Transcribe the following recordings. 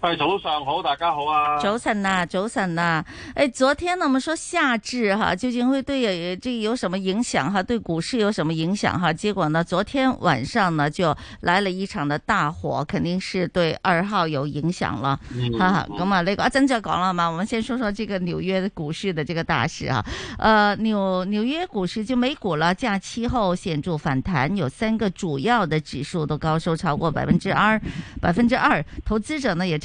喂，早上好，大家好啊！早晨吶、啊、早晨吶、啊。誒、哎，昨天呢，我們說夏至哈，究竟會對誒，這有什麼影響哈？對股市有什麼影響哈？結果呢，昨天晚上呢，就來了一場的大火，肯定是對二號有影響了，嗯、哈，哈！咁、嗯、啊，呢個阿真就講了嘛。我們先說說這個紐約股市的這個大事啊。呃，紐紐約股市就美股了，假期後顯著反彈，有三個主要的指數都高收超過百分之二，百分之二。投資者呢也，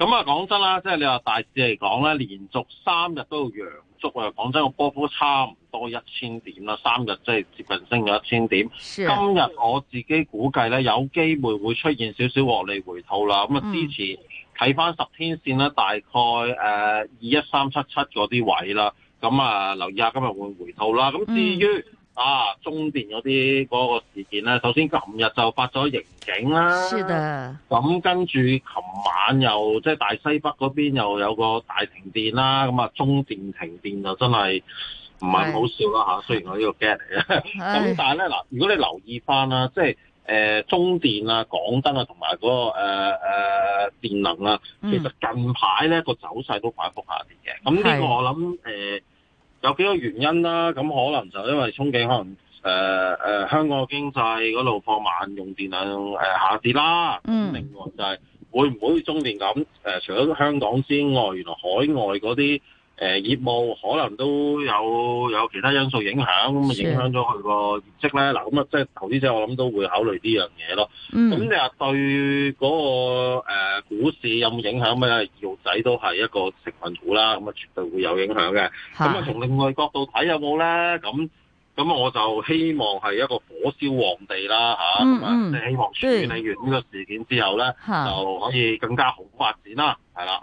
咁啊，講真啦，即係你話大市嚟講咧，連續三日都陽燭啊！講真，個波幅差唔多一千點啦，三日即係接近升咗一千點。的今日我自己估計咧，有機會會出現少少獲利回吐啦。咁啊，支持睇翻十天線咧，大概誒二一三七七嗰啲位啦。咁啊，留意下今日會回吐啦。咁至於。嗯啊，中電嗰啲嗰個事件咧，首先今日就發咗刑警啦、啊，咁跟住琴晚又即係、就是、大西北嗰邊又有個大停電啦、啊，咁啊中電停電就真係唔係好笑啦、啊、吓，的雖然我個的 呢個 get 嚟嘅，咁但係咧嗱，如果你留意翻啦，即係誒、呃、中電啊、港燈啊同埋嗰個誒誒、呃呃、電能啊，其實近排咧個走勢都反覆下嘅，咁呢個我諗誒。有幾個原因啦，咁可能就因為憧憬可能誒誒、呃呃、香港經濟嗰度放慢，用電量、呃、下跌啦。嗯，mm. 另外就係會唔會中電咁、呃，除咗香港之外，原來海外嗰啲。誒、呃，業務可能都有有其他因素影響，咁啊影響咗佢個業績咧。嗱的，咁啊即係投資者，我諗都會考慮呢樣嘢咯。咁你話對嗰、那個誒、呃、股市有冇影響咧？二號仔都係一個成分股啦，咁啊絕對會有影響嘅。咁啊從另外角度睇有冇咧？咁咁我就希望係一個火燒皇帝啦，吓、啊，即係、嗯啊、希望處理完呢個事件之後咧的就可以更加好發展啦，係啦。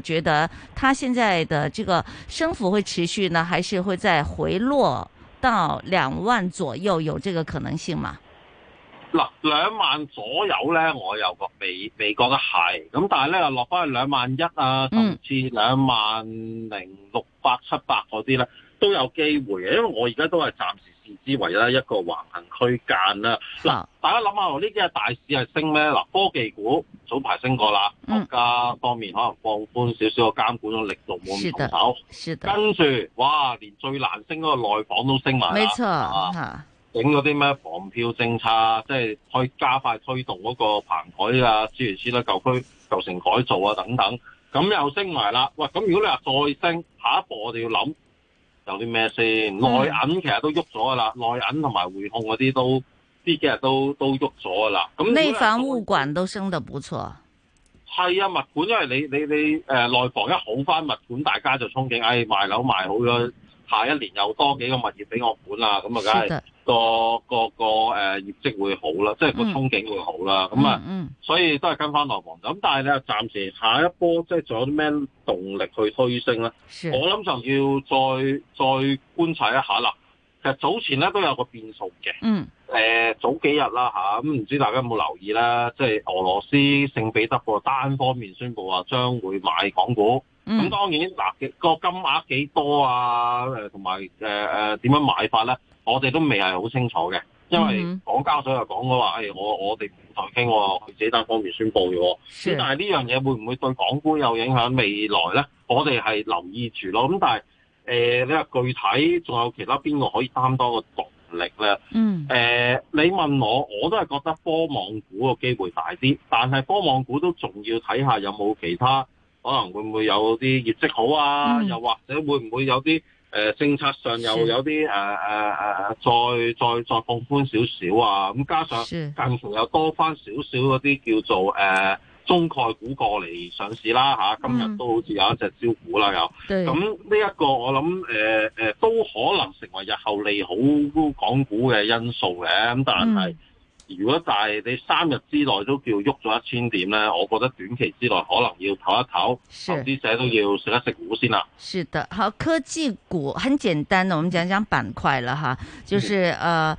覺得它現在的這個升幅會持續呢，還是會再回落到兩萬左右，有這個可能性嗎？嗱，兩萬左右咧，我又未未覺得係，咁但係咧，落翻去兩萬一啊，甚至兩萬零六百、七百嗰啲咧，都有機會嘅，因為我而家都係暫時。之為啦，一個橫行區間啦。嗱好，大家諗下，呢啲係大市係升咩？嗱，科技股早排升過啦。嗯、國家方面可能放寬少少個監管嘅力度，冇咁重手。是是跟住哇，連最難升嗰個內房都升埋啦。冇錯啊！整嗰啲咩房票政策，即係可以加快推動嗰個棚改啊，諸如此類，舊區舊城改造啊等等，咁又升埋啦。喂，咁如果你話再升，下一步我哋要諗。有啲咩先？內銀其實都喐咗啦，嗯、內銀同埋匯控嗰啲都呢幾日都都喐咗啦。咁、嗯、內房物管都升得不錯。係啊，物管因為你你你誒、呃、內房一好翻，物管大家就憧憬，誒、哎、賣樓賣好咗。下一年又多幾個物業俾我管啦，咁啊、那個，梗係的個個個誒業績會好啦，即、就、係、是、個憧憬會好啦，咁啊，所以都係跟翻內房。咁但係咧，暫時下一波即係仲有啲咩動力去推升咧？的我諗就要再再觀察一下啦。其實早前咧都有個變數嘅，誒、嗯呃、早幾日啦吓，咁、啊、唔知大家有冇留意咧？即係俄羅斯聖彼得堡單方面宣布話將會買港股。咁、嗯、當然嗱，那個金額幾多啊？同埋誒誒點樣買法咧？我哋都未係好清楚嘅，因為港交所又講過話，誒、哎、我我哋唔同佢傾喎，佢只單方面宣佈嘅喎。的但係呢樣嘢會唔會對港股有影響未來咧？我哋係留意住咯。咁但係誒，你、呃、話具體仲有其他邊個可以擔多個動力咧？嗯。誒、呃，你問我，我都係覺得科網股個機會大啲，但係科網股都仲要睇下有冇其他。可能會唔會有啲業績好啊？嗯、又或者會唔會有啲誒、呃、政策上又有啲誒誒再再再放寬少少啊？咁加上近期又多翻少少嗰啲叫做誒、呃、中概股過嚟上市啦、啊、今日都好似有一隻招股啦又。咁呢一個我諗誒、呃呃、都可能成為日後利好港股嘅因素嘅，咁但係，嗯如果但係你三日之內都叫喐咗一千點咧，我覺得短期之內可能要唞一唞，的投資者都要食一食糊先啦。是的，好，科技股很簡單的，我們講講板塊啦，吓，就是，誒的。呃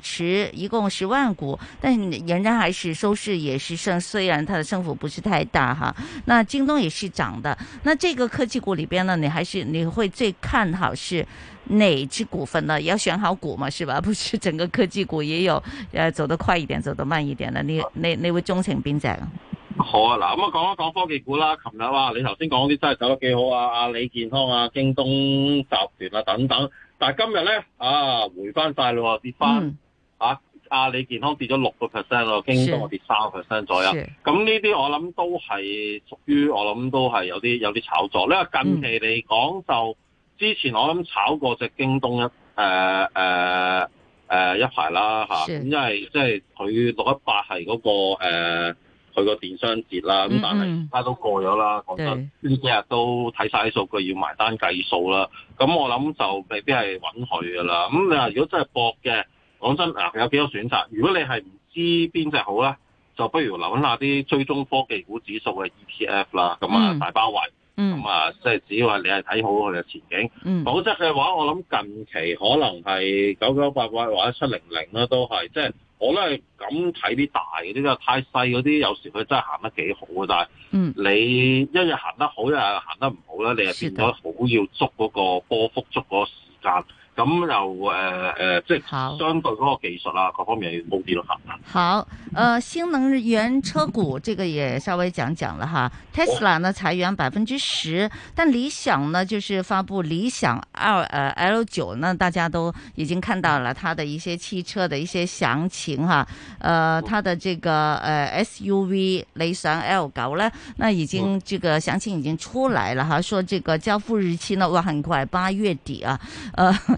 持一共十萬股，但仍然還是收市也是升，雖然它的升幅不是太大哈。那京東也是漲的，那這個科技股裏邊呢，你還是你會最看好是哪支股份呢？要選好股嘛，是吧？不是整個科技股也有誒、啊、走得快一點，走得慢一點啦。你你你，你會鍾情邊隻？好啊，嗱咁啊，講一講科技股啦。琴日啊，你頭先講啲真係走得幾好啊，阿、啊、里健康啊、京東集團啊等等。但係今日咧啊，回翻晒落去跌翻。阿里、啊、健康跌咗六個 percent 咯，京東我跌三個 percent 左右。咁呢啲我諗都係屬於我諗都係有啲有啲炒作。因為近期嚟講就、嗯、之前我諗炒過隻京東一誒誒誒一排啦吓？咁是因為即係佢六一八係嗰個佢個、呃、電商節啦，咁、嗯、但係都過咗啦。講真、嗯，呢幾日都睇晒啲數據要埋單計數啦。咁我諗就未必係揾佢噶啦。咁你話如果真係博嘅？講真啊，有幾多選擇？如果你係唔知邊隻好咧，就不如諗下啲追蹤科技股指數嘅 ETF 啦。咁啊、嗯，大包圍，咁啊、嗯，即係只要話你係睇好佢嘅前景，否則嘅話，我諗近期可能係九九八八或者七零零啦，都係。即係我都咧咁睇啲大嗰啲，因為太細嗰啲有時佢真係行得幾好嘅，但係你一日行得好，一日行得唔好咧，你就變咗好要捉嗰個波幅，捉嗰個時間。咁又誒誒、呃呃，即係相對嗰個技術啊，各好方面要高啲咯好，誒、呃、新能源車股，這個也稍微講講啦哈。 Tesla 呢，裁員百分之十，但理想呢就是發布理想 L 誒 L 九呢，大家都已經看到了它的一些汽車的一些詳情哈。誒、呃，它的這個誒 SUV 雷神 L 九呢，那已經這個詳情已經出來了哈，說這個交付日期呢，話很快八月底啊，誒、呃。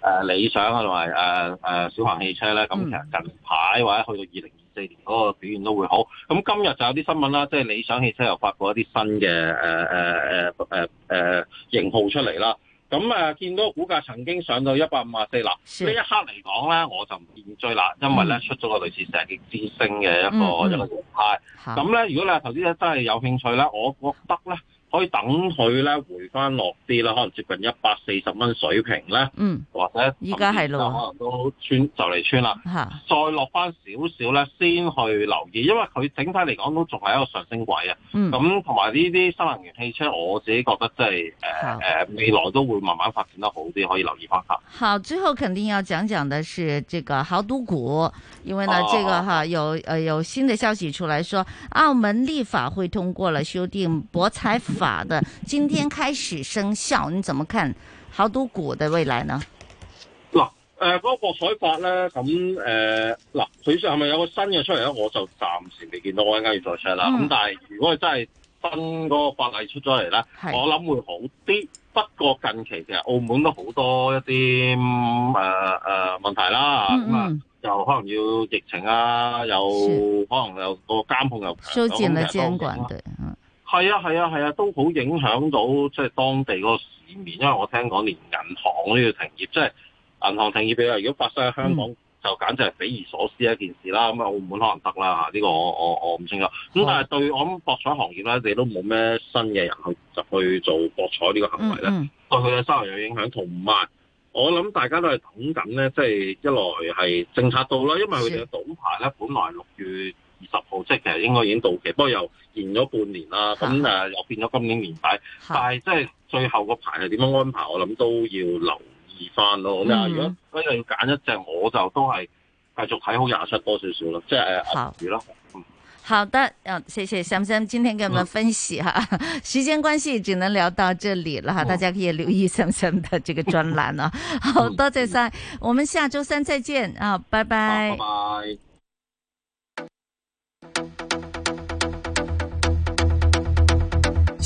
誒、呃、理想啊，同埋誒誒小鵬汽車咧，咁其實近排或者去到二零二四年嗰個表現都會好。咁今日就有啲新聞啦，即係理想汽車又發佈一啲新嘅誒誒誒誒誒型號出嚟啦。咁誒、呃、見到股價曾經上到一百五十四，嗱呢是一刻嚟講咧，我就唔建議追啦，因為咧、嗯、出咗個類似石擊之星嘅一個、嗯、一個形態。咁咧、嗯，如果你係頭先真係有興趣咧，我覺得咧。可以等佢咧回翻落啲啦，可能接近一百四十蚊水平咧，嗯、或者而家係咯，可能都穿就嚟穿啦，好再落翻少少咧，先去留意，因為佢整體嚟講都仲係一個上升軌啊。咁同埋呢啲新能源汽車，我自己覺得即係誒誒，未來都會慢慢發展得好啲，可以留意翻下。好，最後肯定要講講的是這個濠賭股，因為呢，啊、這個哈有誒、呃、有新的消息出來說，澳門立法會通過了修訂博彩法嘅，今天開始生效，你怎麼看濠賭股的未來呢？嗱、嗯，誒、嗯，嗰個博彩法咧，咁誒，嗱，呃、水上係咪有個新嘅出嚟咧？我就暫時未見到，我依家要再 check 啦。咁但係如果真係新嗰個法例出咗嚟呢，是我諗會好啲。不過近期其實澳門都好多一啲誒誒問題啦，咁、嗯、啊，就、嗯、可能要疫情啊，有可能有個監控又收緊嘅監管，對是，係啊，係啊，係啊，都好影響到即係當地嗰個市面，因為我聽講連銀行都要停業，即係銀行停業比如如果發生喺香港，嗯、就簡直係匪夷所思一件事啦。咁啊、嗯，澳門可能得啦嚇，呢、呢個我我我唔清楚。咁、嗯、但係對我諗博彩行業咧，你都冇咩新嘅人去入去做博彩呢個行為咧，對佢嘅生意有影響。同埋我諗大家都係等緊咧，即係一來係政策到啦，因為佢哋嘅賭牌咧本來六月二十號即係其實應該已經到期，不過又延咗半年啦。咁誒好、呃、又變咗今年年底，好但係即係最後個排係點樣安排，我諗都要留意翻咯。咁話、嗯、如果咁又要揀一隻，我就都係繼續睇好廿七多少少咯。即係守住咯。呃好，嗯、好的。嗯、啊，謝謝岑 Sir 今天給我們分析哈、嗯啊。時間關係只能聊到這裡啦。哈、啊，大家可以留意岑 Sir 的這個專欄啊。 好多謝晒，嗯、我們下周三再見啊。拜拜、啊、拜，拜。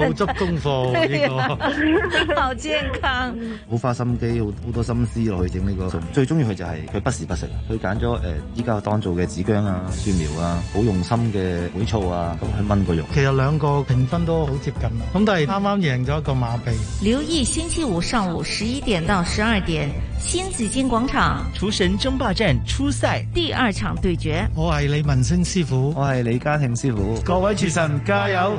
好執功課呢、 啊，這個，好健康，好 花心機，好好多心思落去整呢個。最中意佢就係佢不時不食，佢揀咗誒，依、呃、家當做嘅紫薑啊、蒜苗啊，好用心嘅海醋啊，同佢炆個肉。其實兩個評分都好接近，咁但係啱啱贏咗一個馬鼻。留意星期五上午十一點到十二點，新紫荊廣場廚神爭霸戰初賽第二場對決。我係李文星師傅，我係李嘉慶師傅，各位廚神哇 加油！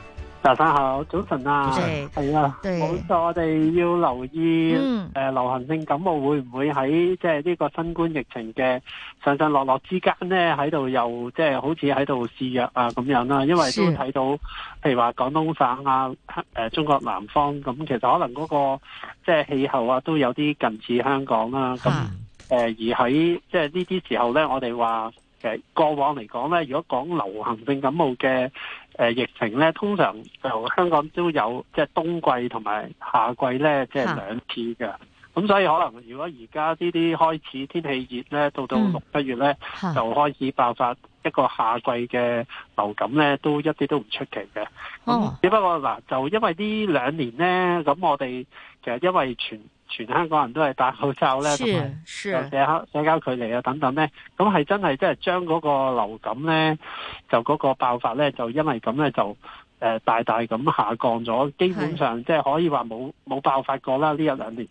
大家好，早晨啊，係是啊，冇錯對，我哋要留意誒，流行性感冒會唔會喺即係呢個新冠疫情嘅上上落落之間咧，喺度又即係好似喺度肆虐啊咁樣啦、啊？因為都睇到，是譬如話廣東省啊，誒、呃、中國南方咁，其實可能嗰、那個即係氣候啊，都有啲近似香港啦、啊。咁誒、嗯呃，而喺即係呢啲時候咧，我哋話誒過往嚟講咧，如果講流行性感冒嘅。誒、啊、疫情咧，通常就香港都有即係、就是、冬季同埋夏季咧，即、就、係、是、兩次嘅。咁的所以可能如果而家呢啲開始天氣熱咧，到到六七月咧，嗯、就開始爆發一個夏季嘅流感咧，都一啲都唔出奇嘅。只不過嗱，就那、嗯、因為呢兩年咧，咁我哋其實因為全。全香港人都係戴口罩咧，同埋社交社交距離啊等等咧，咁係真係即係將嗰個流感咧，就嗰個爆發咧，就因為咁咧就大大咁下降咗，是基本上即係可以話冇冇爆發過啦呢一兩年咁、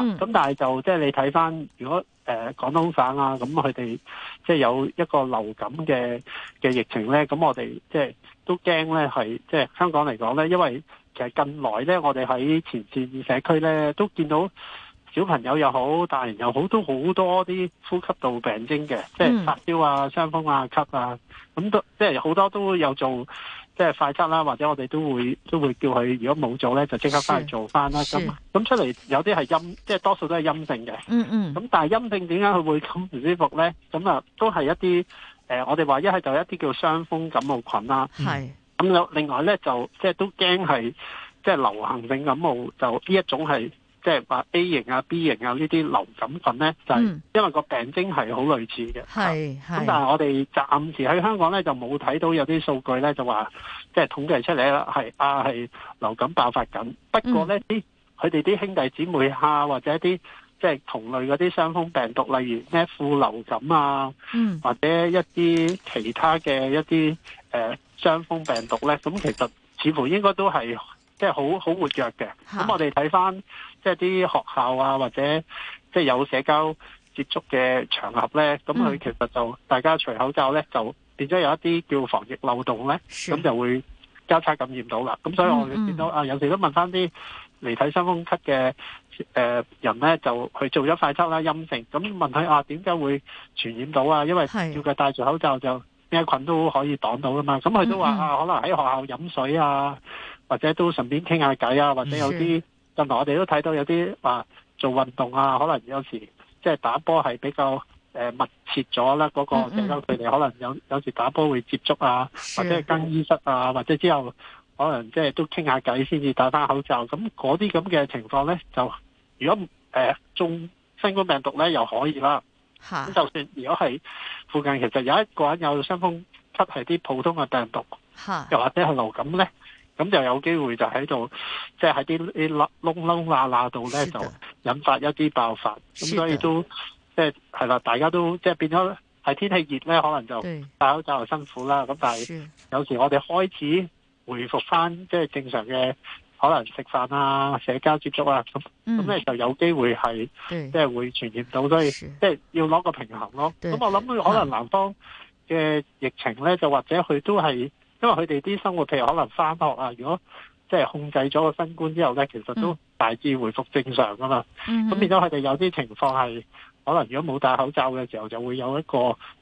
嗯啊、但係就即係、就係、你睇返，如果誒、呃、廣東省啊，咁佢哋即係有一個流感嘅嘅疫情咧，咁我哋即係都驚咧，係即係香港嚟講咧，因為。近來咧，我哋喺前線社區咧，都見到小朋友又好，大人又好，都好多啲呼吸道病徵嘅，嗯、即係發燒啊、傷風啊、咳啊，咁都即係好多都有做，即係快測啦，或者我哋都會都會叫佢，如果冇做咧，就即刻翻去做翻啦。咁咁出嚟有啲係陰，即係多數都係陰性嘅。嗯嗯。咁但係陰性點解佢會咁唔舒服咧？咁啊，都係一啲誒、呃，我哋話一係就一啲叫傷風感冒菌啦。係。咁另外咧，就即係都驚係即係流行性感冒，就呢一種係即係話 A 型啊、B 型啊呢啲流感份咧，嗯、就係因為個病徵係好類似嘅。係係。咁但係我哋暫時喺香港咧就冇睇到有啲數據咧，就話即係統計出嚟啦，係啊係流感爆發緊。不過咧啲佢哋啲兄弟姊妹啊，或者一啲。即係同類嗰啲傷風病毒，例如咩副流感啊，嗯、或者一啲其他嘅一啲誒傷風病毒咧，咁其實似乎應該都係即係好好活躍嘅。咁哈我哋睇翻即係啲學校啊，或者即係有社交接觸嘅場合咧，咁佢其實就、嗯、大家除口罩咧，就變咗有一啲叫防疫漏洞咧，咁是就會交叉感染到啦。咁所以我哋見到、嗯嗯、啊，有時都問翻啲，嚟睇新冠肺炎嘅誒人咧，就去做咗快測啦，陰性。咁問佢啊，點解會傳染到啊？因為叫佢戴住口罩就，就咩菌都可以擋到㗎嘛。咁佢都話、嗯嗯、啊，可能喺學校飲水啊，或者都順便傾下偈啊，或者有啲近排我哋都睇到有啲話、啊、做運動啊，可能有時即係打波係比較、呃、密切咗啦。嗰、那個即係佢哋可能有有時打波會接觸啊，或者係更衣室啊，的或者之後。可能即係都傾下偈先至戴翻口罩，咁嗰啲咁嘅情況咧，就如果誒、呃、中新冠病毒咧又可以啦。吓哈，就算如果係附近，其實有一個人有傷風咳，係啲普通嘅病毒。吓哈，又或者係流感咧，咁就有機會就喺度，即係喺啲啲窿窿罅罅度咧，裡裡就引發一啲爆發。咁的所以都即係係啦，大家都即係、就是、變咗係天氣熱咧，可能就戴口罩又辛苦啦。咁對但係有時我哋開始。回復翻即係正常嘅，可能食飯啊、社交接觸啊，咁咁咧就有機會係對即係會傳染到，所以是即係要攞個平衡咯、啊。咁對我諗佢可能南方嘅疫情咧，對就或者佢都係因為佢哋啲生活，譬如可能翻學啊，如果即係控制咗個新冠之後咧，其實都大致回復正常噶嘛。咁、嗯、變咗佢哋有啲情況係可能，如果冇戴口罩嘅時候，就會有一個。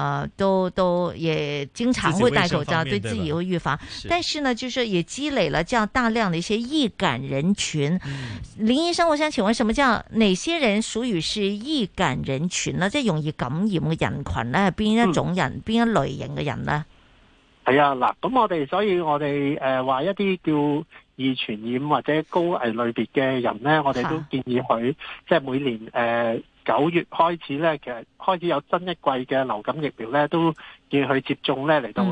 呃，都都也經常會戴口罩，自對自己會預防。是但是呢，就是也積累了這樣大量的一些易感人群。嗯、林醫生，我想請問，什麼叫哪些人屬於是易感人群呢？即、就、係、是、容易感染嘅人群呢？係邊一種人，邊、嗯、一類型嘅人呢？」係啊，嗱，咁我哋所以我哋誒話一啲叫易傳染或者高危類別嘅人呢，我哋都建議佢、啊、即係每年誒。呃九月開始咧，其實開始有新一季嘅流感疫苗咧，都要去接種咧嚟到，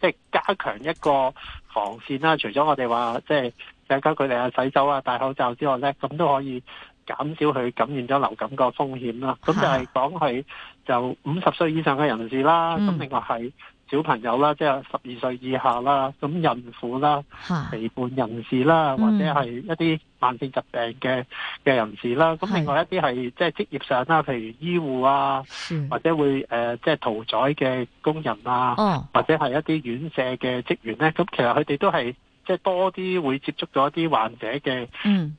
即係加強一個防線啦。嗯、除咗我哋話即係社交距離啊、洗手啊、戴口罩之外咧，咁都可以減少佢感染咗流感個風險啦。咁、啊、就係講佢就五十歲以上嘅人士啦，咁、嗯、另外係。小朋友啦，即係十二歲以下啦，咁孕婦啦、陪伴人士啦，啊、或者係一啲慢性疾病嘅嘅人士啦，咁、嗯、另外一啲係即係職業上啦，譬如醫護啊，是或者會誒即係屠宰嘅工人啊，哦、或者係一啲院舍嘅職員咧，咁其實佢哋都係即係多啲會接觸到一啲患者嘅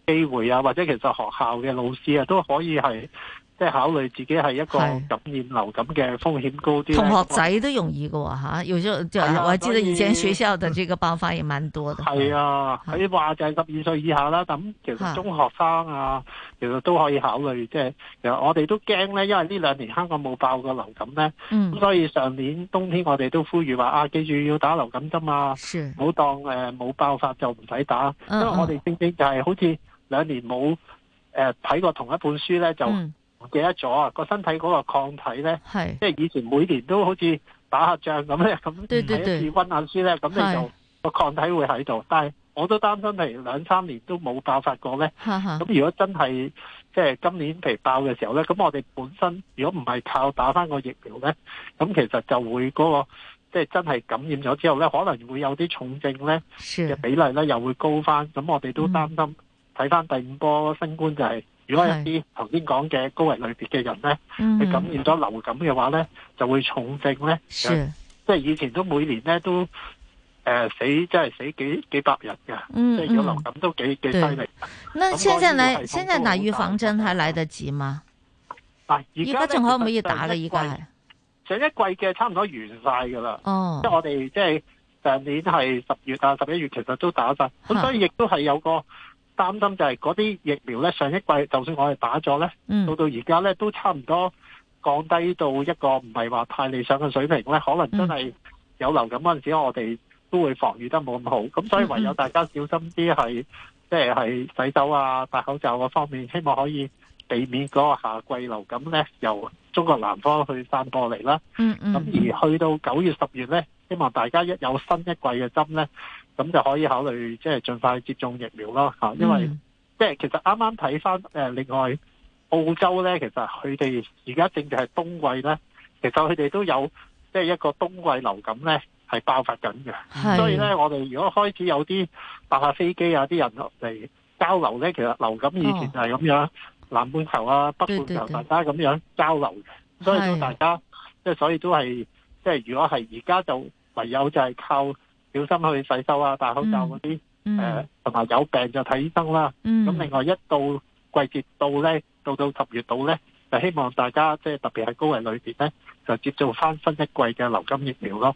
機會啊，嗯、或者其實學校嘅老師啊，都可以係。即係考慮自己係一個感染流感嘅風險高啲，同學仔都容易嘅吓，有時我記得以前學校嘅呢個爆發也蠻多嘅。係啊，你話就係十二歲以下啦，咁其實中學生啊，其實都可以考慮。即係，其實我哋都驚咧，因為呢兩年香港冇爆過流感咧，咁所以上年冬天我哋都呼籲話啊，記住要打流感針啊，唔好當誒冇爆發就唔使打，因為我哋正正就係好似兩年冇誒睇過同一本書咧就。唔記得咗啊！個身體嗰個抗體咧，即係是以前每年都好似打下仗咁咧，咁係一次溫下書咧，咁你就個是抗體會喺度。但係我都擔心係兩三年都冇爆發過咧，咁是如果真係即係今年被爆嘅時候咧，咁我哋本身如果唔係靠打翻個疫苗咧，咁其實就會嗰、那個即係、就是、真係感染咗之後咧，可能會有啲重症咧嘅是比例咧又會高翻。咁我哋都擔心睇翻、嗯、第五波新冠就係、是。如果有啲頭先講嘅高危類別嘅人咧，佢感染咗流感嘅話咧，就會重症咧，即係以前都每年咧都誒死，即係死幾幾百人㗎，即係個流感都幾幾犀利。那現在咧，現在打預防針還來得及嗎？而家仲可唔可以打嘅？依家上一季嘅差唔多完晒㗎啦，即係我哋即係上年係十月啊、十一月其實都打晒。咁所以亦都係有個。擔心就係嗰啲疫苗咧，上一季就算我哋打咗咧，到到而家咧都差唔多降低到一個唔係話太理想嘅水平咧，可能真係有流感嗰陣時，我哋都會防禦得冇咁好，咁所以唯有大家小心啲，係即係係洗手啊、戴口罩嘅方面，希望可以避免嗰個夏季流感咧由中國南方去散過嚟啦。咁而去到九月、十月咧，希望大家一有新一季嘅針咧。咁就可以考慮即係、就是、盡快接種疫苗咯。因為即係、嗯、其實啱啱睇翻誒，另外澳洲咧，其實佢哋而家正值係冬季咧，其實佢哋都有即係、就是、一個冬季流感咧係爆發緊嘅。是所以咧我哋如果開始有啲搭下飛機啊，啲人嚟交流咧，其實流感以前係咁樣、哦、南半球啊、北半球大家咁樣交流嘅，是所以都大家即係所以都係即係如果係而家就唯有就係靠。小心去洗手啊，戴口罩嗰啲，誒、嗯，同、嗯、埋、呃、有，有病就睇醫生啦。咁、嗯、另外一度季節到季節到咧，到到十月到咧，就希望大家即係特別係高危裏邊咧，就接種翻新一季嘅流感疫苗咯。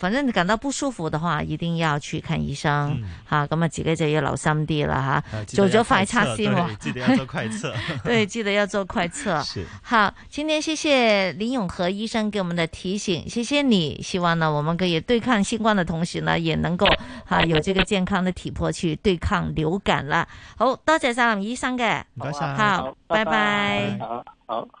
反正你感到不舒服的話，一定要去看醫生。嗯、好，咁啊自己就要留心啲啦，吓。做咗快測先喎，記得要做快測。九九。對，記得要做快測。對，記得要做快測是。好，今天謝謝林永和醫生給我們的提醒，謝謝你。希望呢，我們可以對抗新冠的同時呢，也能夠哈有這個健康的體魄去對抗流感啦。好多謝晒林醫生嘅，好，謝謝好好拜拜，拜拜好。好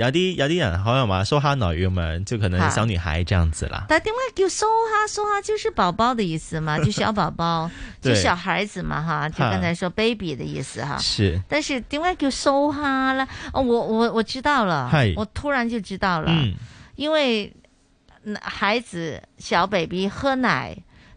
迪迪迪好有啲有啲人可能話蘇哈奶咁樣，就可能小女孩這樣子啦。但係點解叫蘇哈？蘇哈就是寶寶的意思嘛，就小寶寶， 就小孩子嘛，對哈，就剛才說 baby 的意思哈。哈是，但是點解叫蘇哈呢、哦？我我我知道了，嘿我突然就知道了，嗯、因為孩子小 baby 喝奶。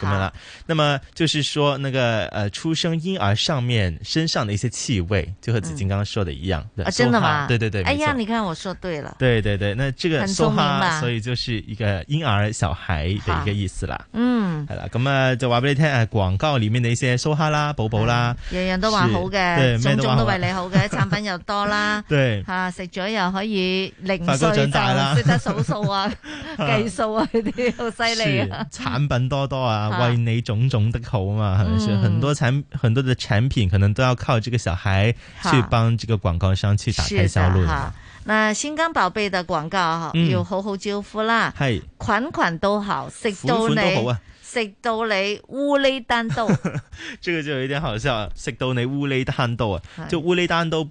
咁啦，那麼就是說，那個，呃，出生嬰兒上面身上的一些氣味，就和子矜剛剛說的一樣。啊，真的嗎？對對對。哎呀，你看我說對了。對對對，那這個蘇蝦，所以就是一個嬰兒小孩的一個意思啦。嗯，係啦，咁啊，就話俾你聽，廣告裏面的一些蘇蝦啦，寶寶啦，樣樣都話好嘅，種種都為你好嘅，產品又多啦。對。啊，食咗又可以零歲就識得數數啊，計數啊，呢啲好犀利啊。產品多多啊。為你好種種的口嘛，嗯、是很多產很多的產品，可能都要靠這個小孩去幫這個廣告商去打開銷路好好。那心肝寶貝的廣告嗬，要好好招呼啦。係、嗯、款款都好，食到你符符好、啊、食到你烏哩單刀， 這個就有點好笑啊！食到你烏哩單刀，啊，就烏哩單刀、嗯。烏烏丹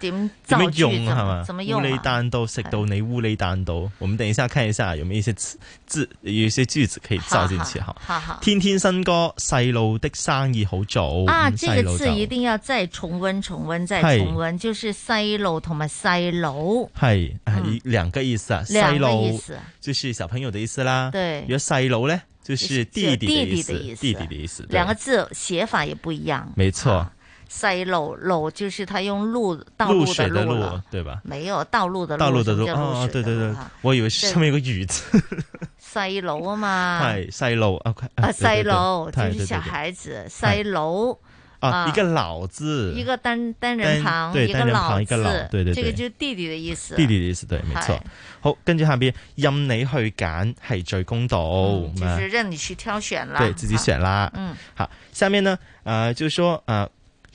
點麼用係嘛？烏雷蛋到食到你烏雷蛋到，我們等一下看一下有沒有一些字字，有些句子可以照進去。好，天天新歌，細路的生意好做啊！這個字一定要再重温，重温再重温，就是細路同埋細佬，係係兩個意思啊。兩個意思，細路就是小朋友的意思啦。對，如果細佬咧，就是弟弟的意思，弟弟的意思，兩個字寫法也不一樣。沒錯。細路路就是他用路道路的路對吧？沒有道路的路，道路的路啊！對對對，我以為上面有個雨字。細路啊嘛，係細路 OK 啊，細路就是小孩子，細路啊，一個老字，一個單單人旁，一個老字，這個就是弟弟的意思。弟弟的意思對，沒錯。好，跟住下邊任你去揀係最公道，就是任你去挑選啦，對自己選啦。嗯，好，下面呢，啊，就是說，啊。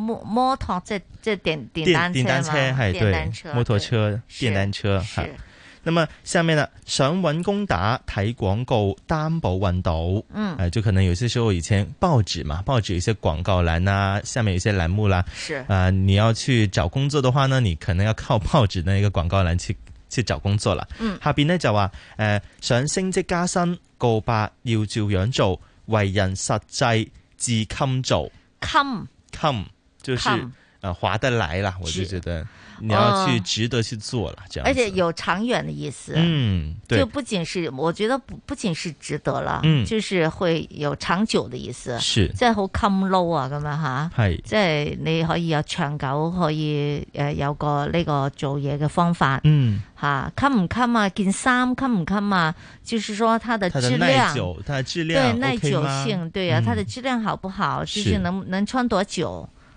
摩托即即電電單車係摩托車對電單車哈，咁對是麼下面呢，想揾工打睇廣告擔保揾到。嗯誒、呃、就可能有些時候以前報紙嘛，報紙有一些廣告欄啊，下面有些欄目啦。是啊、呃、你要去找工作的話呢，你可能要靠報紙的那一個廣告欄去去找工作啦。嗯，下邊呢就，就話誒，想升職加薪告白，要照樣做，為人實際自襟做襟襟。甘就是呃，劃得來了，我就覺得你要去值得去做了這樣，而且有長遠的意思。嗯，就不僅是我覺得不不僅是值得了，嗯，就是會有長久的意思。是，即係好襟 low 啊，咁樣吓，係即係你可以有長久，可以誒有個呢個做嘢嘅方法。嗯，吓襟唔襟啊，件衫襟唔襟啊，就是說它的質量，它的質量，對耐久性，對啊，它的質量好不好？就是能能穿多久？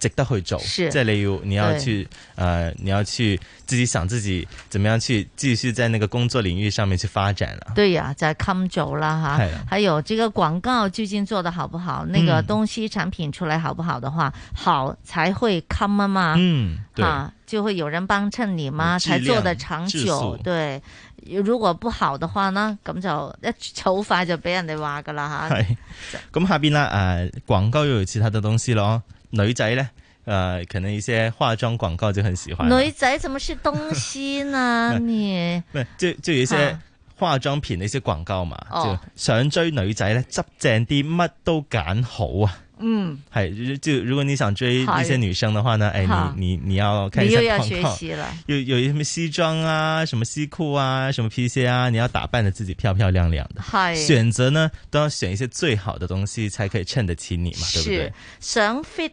值得都你要去，呃，你要去自己想自己，怎麼樣去繼續在那個工作領域上面去發展了。對呀，在 come 咗啦哈。還有這個廣告究竟做得好不好？那個東西產品出來好不好的話，好才會 come 嘛，嗯，啊，就會有人幫襯你嘛，才做得長久。對，如果不好的話呢，咁就好快就俾人哋話噶啦吓。係，咁下邊啦，誒，廣告又有其他的東西咯。女仔呢，呃，可能一些化妝廣告就很喜歡。女仔怎麼是東西呢？你就就有一些化妝品那些廣告嘛。就想追女仔呢，執正啲乜都揀好啊。嗯。係，就如果你想追一些女生的話呢，誒，你你你要開始要學習啦。有有一什麼西裝啊，什麼西褲啊，什麼皮鞋啊，你要打扮得自己漂漂亮亮的。選擇呢都要選一些最好的東西，才可以襯得起你嘛，對不對？想 fit。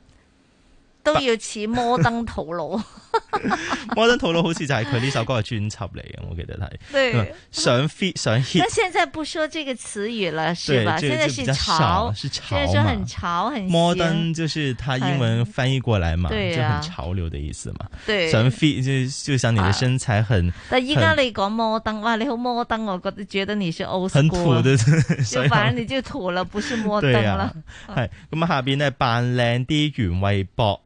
都要似摩登土佬，摩登土佬好似就係佢呢首歌嘅專輯嚟嘅，我記得係。想 fit 想 hit。現在不說這個詞語了，是吧？現在是潮，較潮，是潮嘛。摩登就是他英文翻譯過來嘛，就很潮流的意思嘛。想 fit 就就像你的身材很。但依家你講摩登，哇！你好摩登，我覺得覺得你是歐式。很土的，相反你就土了，不是摩登了。係咁啊，下邊咧扮靚啲原偉博。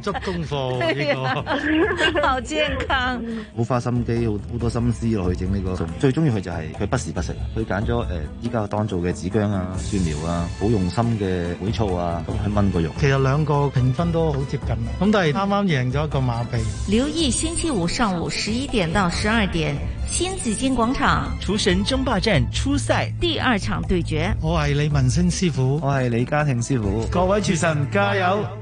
做足功課呢個，好健康，好 花心機，好好多心思落去整呢、這個。最中意佢就係、是、佢不時不食，佢揀咗誒依家當造嘅子薑啊、蒜苗啊，好用心嘅海醋啊，咁去炆個肉。嗯、其實兩個評分都好接近，咁但係啱啱贏咗一個馬鼻。留意星期五上午十一點到十二點，新紫荊廣場廚神爭霸戰初賽第二場對決。我係李文星師傅，我係李家慶師傅，各位廚神，神加油！加油！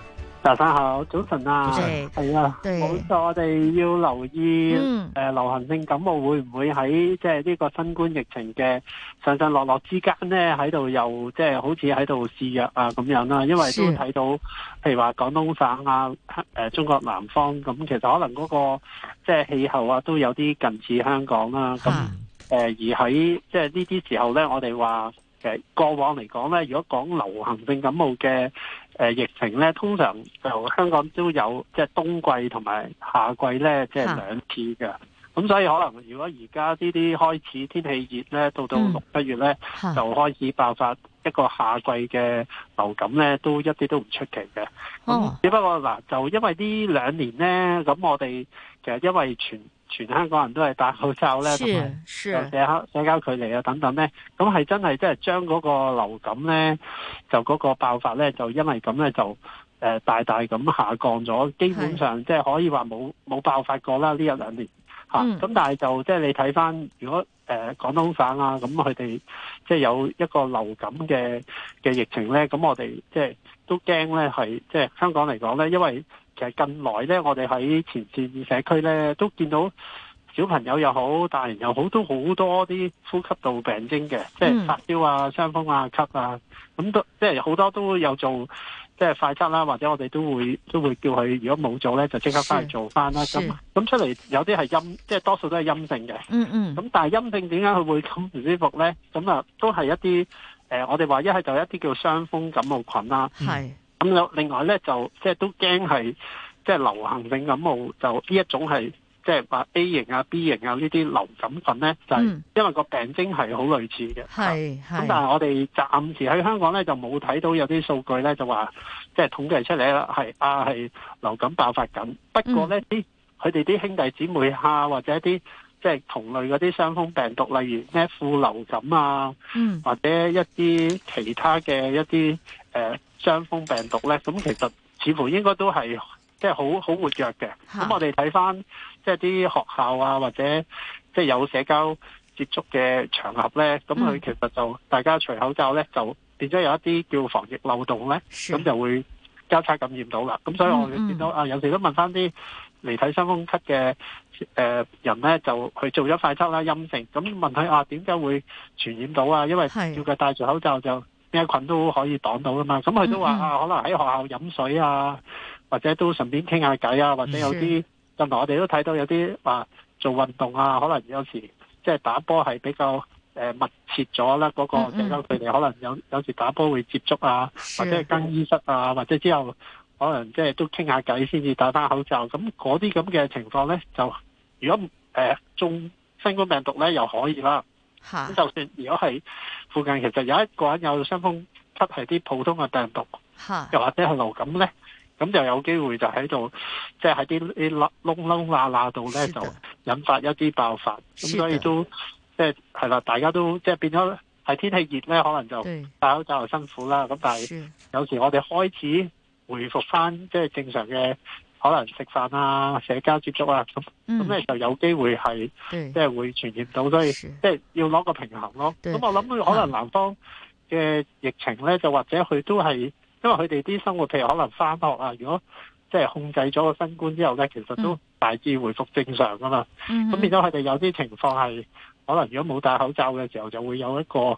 大家好，早晨啊，係啊，冇錯，我哋要留意，誒、嗯呃，流行性感冒會唔會喺即係呢個新冠疫情嘅上上落落之間咧，喺度又即係好似喺度肆虐啊咁樣啦、啊？因為都睇到，是譬如話廣東省啊，誒、呃、中國南方咁，其實可能嗰、那個即係氣候啊，都有啲近似香港啦、啊。咁誒的、呃，而喺即係呢啲時候咧，我哋話，誒過往嚟講咧，如果講流行性感冒嘅。誒、啊、疫情咧，通常就香港都有即係、就是，冬季同埋夏季咧，即、就、係、是、兩次嘅。咁的所以可能如果而家呢啲開始天氣熱咧，到到六七月咧，嗯、就開始爆發一個夏季嘅流感咧，都一啲都唔出奇嘅。只、哦、不過嗱，就因為呢兩年咧，咁我哋其實因為全。全香港人都係戴口罩咧，同埋社交社交距離啊等等咧，咁係真係即係將嗰個流感咧，就嗰個爆發咧，就因為咁咧就誒大大咁下降咗，基本上即係可以話冇冇爆發過啦呢一兩年咁、啊嗯、但係就即係、就是、你睇翻，如果誒、呃、廣東省啊，咁佢哋即係有一個流感嘅嘅疫情咧，咁我哋即係都驚咧，係即係香港嚟講咧，因為。近來咧，我哋喺前線社區咧，都見到小朋友又好，大人又好，都好多啲呼吸道病徵嘅，嗯、即係發燒啊、傷風啊、咳啊，咁都即係好多都有做，即係快測啦，或者我哋都會都會叫佢，如果冇做咧，就即刻翻去做翻啦。咁咁出嚟有啲係陰，即係多數都係陰性嘅。嗯嗯。咁但係陰性點解佢會咁唔舒服咧？咁啊，都係一啲誒、呃，我哋話一係就一啲叫傷風感冒菌啦。係。咁另外咧，就即係都驚係即係流行性感冒，就呢一種係即係話 A 型啊、B 型啊呢啲流感份咧，就係、是嗯、因為個病徵係好類似嘅。係係。咁但係我哋暫時喺香港咧就冇睇到有啲數據咧，就話即係統計出嚟啦，係啊係流感爆發緊。不過咧啲佢哋啲兄弟姊妹啊，或者一啲。即係同類嗰啲傷風病毒，例如咩副流感啊，嗯、或者一啲其他嘅一啲誒傷風病毒咧，咁其實似乎應該都係即係好好活躍嘅。咁哈我哋睇翻即係啲學校啊，或者即係有社交接觸嘅場合咧，咁佢其實就、嗯、大家除口罩咧，就變咗有一啲叫防疫漏洞咧，咁是就會交叉感染到啦。咁所以我見到、嗯、啊，有時都問翻啲嚟睇新冠肺炎嘅誒人咧，就去做咗快測啦，陰性。咁問佢啊，點解會傳染到啊？因為要佢戴住口罩就咩菌的都可以擋到㗎嘛。咁佢都話啊，可能喺學校飲水啊，或者都順便傾下偈啊，或者有啲的近來我哋都睇到有啲話、啊、做運動啊，可能有時即係打波係比較誒密切咗啦。嗰、嗰個即係佢哋可能有有時打波會接觸啊，或者係更衣室啊，的或者之後。可能即係都傾下偈先至戴返口罩，咁嗰啲咁嘅情況咧，就如果誒、呃、中新冠病毒咧又可以啦，咁哈就算如果係附近其實有一個人有傷風咳係啲普通嘅病毒，又哈或者係流感咧，咁就有機會就喺度，即係喺啲啲窿窿罅罅度咧就引發一啲爆發，咁的所以都即係係啦，大家都即係、就是、變咗係天氣熱咧，可能就戴口罩又辛苦啦，咁對但係有時我哋開始。回復翻即係正常嘅，可能食飯啊、社交接觸啊，咁咁咧就有機會係對即係會傳染到，所以是即係要攞個平衡咯、啊。咁對我諗佢可能南方嘅疫情咧，對就或者佢都係因為佢哋啲生活，譬如可能翻學啊，如果即係控制咗個新冠之後咧，其實都大致回復正常噶嘛。咁、嗯、哼變咗佢哋有啲情況係可能，如果冇戴口罩嘅時候，就會有一個。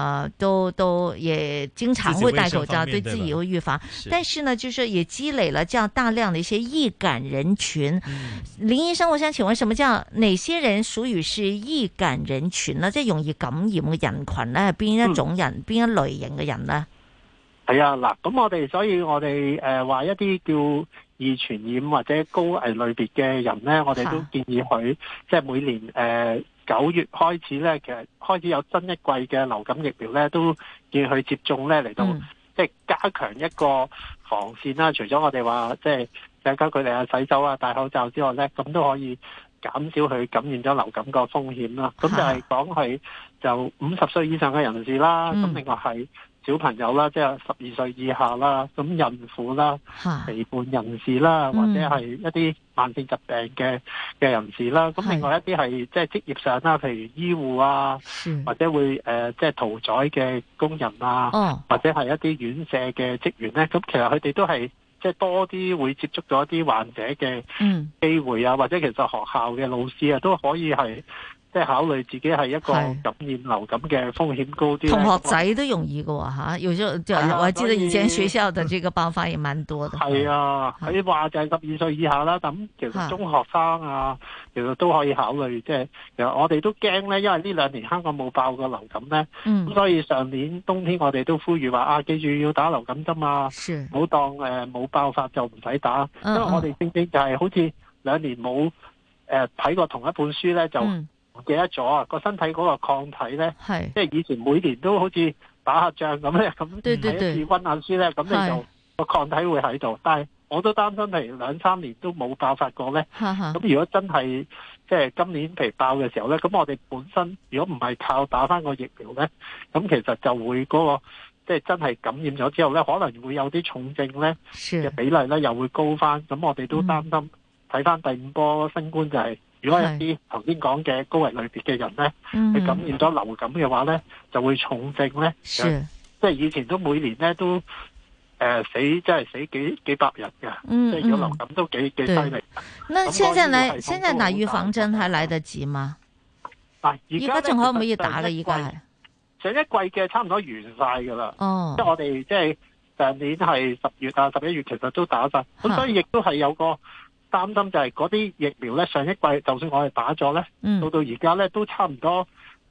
呃，都都也經常會戴口罩，自對自己會預防。是但是呢，就是也積累了這樣大量的一些易感人群。嗯、林醫生，我想請問，什麼叫哪些人屬於是易感人群呢？即、就、係、是、容易感染嘅人群呢？係邊一種人，邊、嗯、一類型嘅人呢？係啊，嗱，咁我哋所以我哋誒話一啲叫易傳染或者高危類別嘅人呢，我哋都建議佢、啊、即係每年誒。呃九月開始咧，其實開始有新一季嘅流感疫苗咧，都要去接種咧，嚟到即係加強一個防線啦。除咗我哋話即係社交距離啊、洗手啊、戴口罩之外咧，咁都可以減少佢感染咗流感個風險啦。咁就係講佢就五十歲以上嘅人士啦，咁另外係，小朋友啦，即係十二歲以下啦，咁孕婦啦、肥胖人士啦，啊嗯、或者係一啲慢性疾病嘅嘅人士啦，咁、嗯、另外一啲係即係職業上啦，譬如醫護啊，是或者會誒即係屠宰嘅工人啊，啊或者係一啲院舍嘅職員咧，咁其實佢哋都係即係多啲會接觸咗一啲患者嘅機會啊，嗯、或者其實學校嘅老師啊，都可以係。即係考慮自己係一個感染流感嘅風險高啲，同學仔都容易嘅吓，有咗即係我記得以前學校呢個嘅爆發亦蠻多嘅。係啊，佢話就係十二歲以下啦，咁其實中學生啊，其實都可以考慮。即係其實我哋都驚咧，因為呢兩年香港冇爆過流感咧，咁所以上年冬天我哋都呼籲話啊，記住要打流感針啊，唔好當誒冇爆發就唔使打，因為我哋正正就係好似兩年冇誒睇過同一本書咧就。唔記得咗啊！個身體嗰個抗體咧，是即係以前每年都好似打下仗咁咧，咁睇一次溫下書咧，咁是你就個是抗體會喺度。但係我都擔心嚟兩三年都冇爆發過咧，咁是如果真係即係今年被爆嘅時候咧，咁我哋本身如果唔係靠打翻個疫苗咧，咁其實就會嗰、嗰個即係、即係、真係感染咗之後咧，可能會有啲重症咧嘅是比例咧又會高翻。咁我哋都擔心睇翻、嗯、第五波新冠就係、是。如果有啲頭先講嘅高危類別嘅人咧，佢感染咗流感嘅話咧，就會重症咧，即係以前都每年咧都誒死，即係死幾幾百人嘅，即係個流感都幾幾犀利。那現在咧，現在打預防針還來得及嗎？啊，而家仲可唔可以打嘅？依家上一季嘅差唔多完晒噶啦，即係我哋即係上年係十月啊、十一月其實都打晒。咁所以亦都係有個。擔心就係嗰啲疫苗咧，上一季就算我哋打咗咧，到到而家咧都差唔多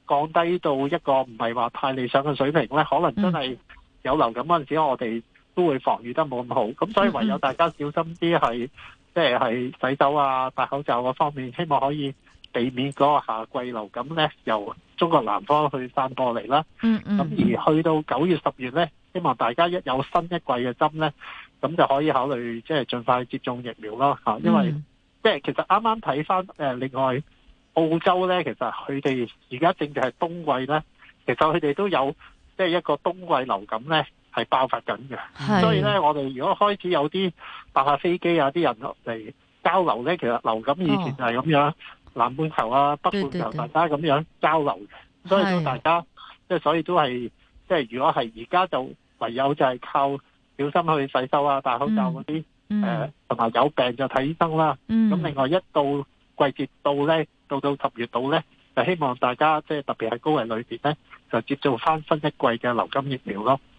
降低到一個唔係話太理想嘅水平咧，可能真係有流感嗰陣時，我哋都會防禦得冇咁好，咁所以唯有大家小心啲，係即係係洗手啊、戴口罩嘅方面，希望可以避免嗰個夏季流感咧由中國南方去散播嚟啦。咁而去到九月、十月咧，希望大家一有新一季嘅針咧。咁就可以考慮即係、就是、盡快接種疫苗咯，因為即係、嗯、其實啱啱睇返誒，另外澳洲咧，其實佢哋而家正正係冬季咧，其實佢哋都有即係、就是、一個冬季流感咧係爆發緊嘅。是所以咧，我哋如果開始有啲搭下飛機啊，啲人嚟交流咧，其實流感以前就係咁樣，哦、南半球啊、北半球、啊、對對對大家咁樣交流嘅。所以都大家即係所以都係即係，就是、如果係而家就唯有就係靠。小心去洗手啊，戴口罩嗰啲，誒、嗯，同埋、呃、有，有病就睇醫生啦。咁、嗯、另外一到季節到季節到咧，到到十月到咧，就希望大家即係特別係高危裏邊咧，就接種返新一季嘅流感疫苗咯。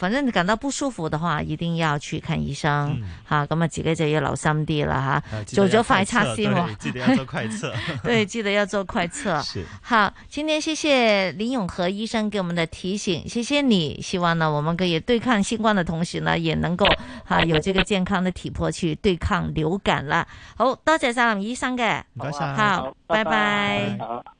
反正你感到不舒服的話，一定要去看醫生吓，咁、嗯、啊自己就要留心啲啦吓。做咗快測試，記得要做快測，九九對，記得要做快測。好，今天謝謝林永和醫生給我們的提醒，謝謝你。希望呢，我們可以對抗新冠的同時呢，也能夠哈、啊、有這個健康的體魄去對抗流感啦。好多謝晒林醫生嘅，好，好啊、好拜拜。拜拜